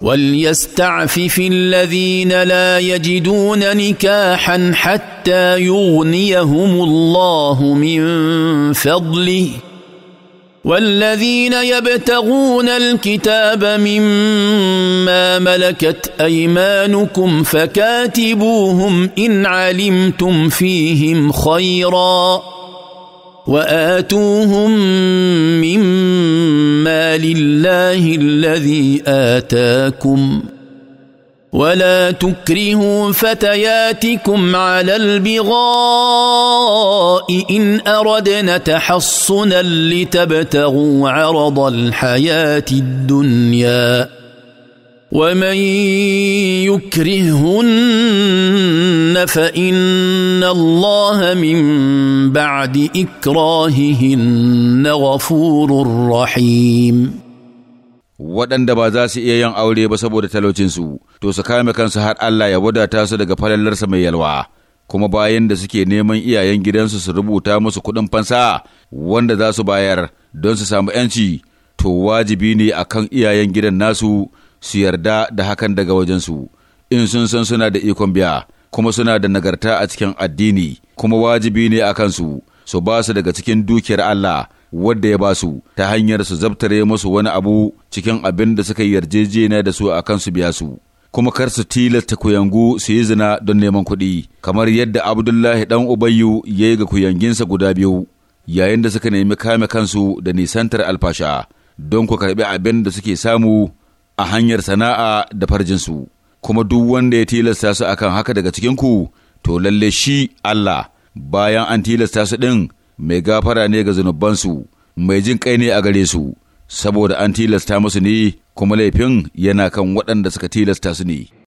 وليستعفف الذين لا يجدون نكاحا حتى يغنيهم الله من فضله والذين يبتغون الكتاب مما ملكت ايمانكم فكاتبوهم ان علمتم فيهم خيرا واتوهم مما لله الذي اتاكم ولا تكرهوا فتياتكم على البغاء ان اردنا تحصنا لتبتغوا عرض الحياه الدنيا ومن يكرهن يكرهن فان الله من بعد اكراههن غفور رحيم waɗanda ba za su iya yin aure ba saboda talaucinsu, to su kame kansu har Allah ya wadata su daga falallarsa mai yalwa, kuma bayan da suke neman iyayen gidansu su rubuta musu kuɗin fansa wanda za su bayar don su samu ‘yanci, to wajibi ne a kan iyayen gidan nasu su yarda da hakan daga wajensu, in sun san suna da ikon biya. kuma suna da nagarta a cikin addini kuma wajibi ne a kansu su ba su daga cikin dukiyar Allah wadda ya ba su ta hanyar su zabtare musu wani abu cikin abin da suka yarjejeniya da su a kansu biya su kuma kar su tilasta kuyangu su yi zina don neman kuɗi kamar yadda Abdullahi ɗan Ubayyu ya yi ga kuyanginsa guda biyu yayin da suka nemi kame kansu da nisantar alfasha don ku karɓi abin da suke samu a hanyar sana'a da farjinsu. kuma duk wanda ya tilasta su akan haka daga cikinku, to lalle shi Allah, bayan an tilasta su ɗin mai gafara ne ga zunubansu, mai jin kai ne a gare su, saboda an tilasta musu ne kuma laifin yana kan waɗanda suka tilasta su ne.